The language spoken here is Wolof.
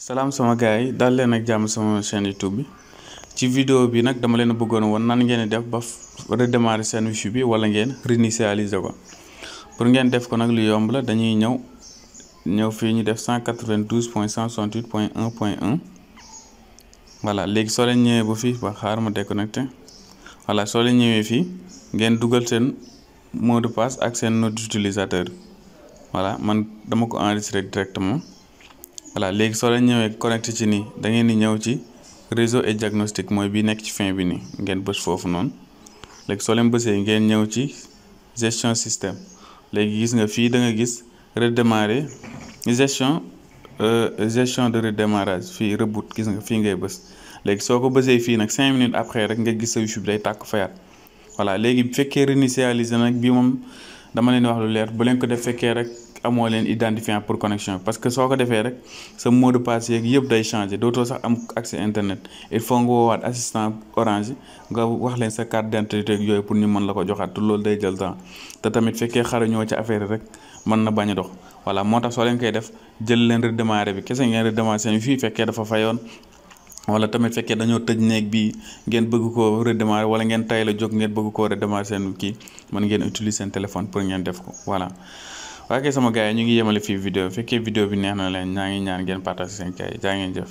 salaam sama gars yi daal leen ak jàmm sama chaîne YouTube bi ci video bi nag dama leen bëggoon woon nan ngeen def ba redémarrer seen wifi bi wala ngeen réinitialiser ko pour ngeen def ko nag lu yomb la dañuy ñëw ñëw fii ñu def 192 point 168 point 1 point 1 voilà léegi soo leen ñëwee bu fii ba xaar ma déconnecté voilà soo leen ñëwee fii ngeen dugal seen mot de passe ak seen utilisateur bi voilà man dama ko enregistré directement voilà léegi soo leen ñëwee connecté ci nii da ngeen di ñëw ci réseau et diagnostic mooy bi nekk ci fin bi nii ngeen bës foofu noonu léegi soo leen bësee ngeen ñëw ci gestion système léegi gis nga fii da nga gis redémarrer gestion euh, gestion de demarage fii reboot gis nga fii ngay bës léegi soo ko bësee fii nag cinq minutes après rek nga gis sa YouTube day tàkk fayaat voilà léegi bu fekkee réinitialiser nag bi moom dama leen wax lu leer bu leen ko def amoo leen identifiant pour connexion parce que soo ko defee rek sa mot de passe yeeg yëpp day changé dootoo sax am accès internet il faut nga woowaat assistant orange nga wax leen sa carte d'identité yooyu pour ñu mën la ko joxaat te loolu day jël temps te tamit fekkee xarañoo ci affaire rek mën na bañ a dox voilà moo tax soo leen koy def jël leen redémarrer bi kese ngeen redémarrer seen fii fekkee dafa fayoon wala tamit fekkee dañoo tëj néeg bi ngeen bëgg koo redémarrer wala ngeen tay la jóg ngeen bëgg koo redémarrer seen kii mën ngeen utiliser seen téléphone pour ngeen def ko voilà waa kay sama gars yi ñu ngi yemale fii vidéo fekkee vidéo bi neex na leen ñaa ngi ñaan ngeen partage seen kay jaa ngeen jëf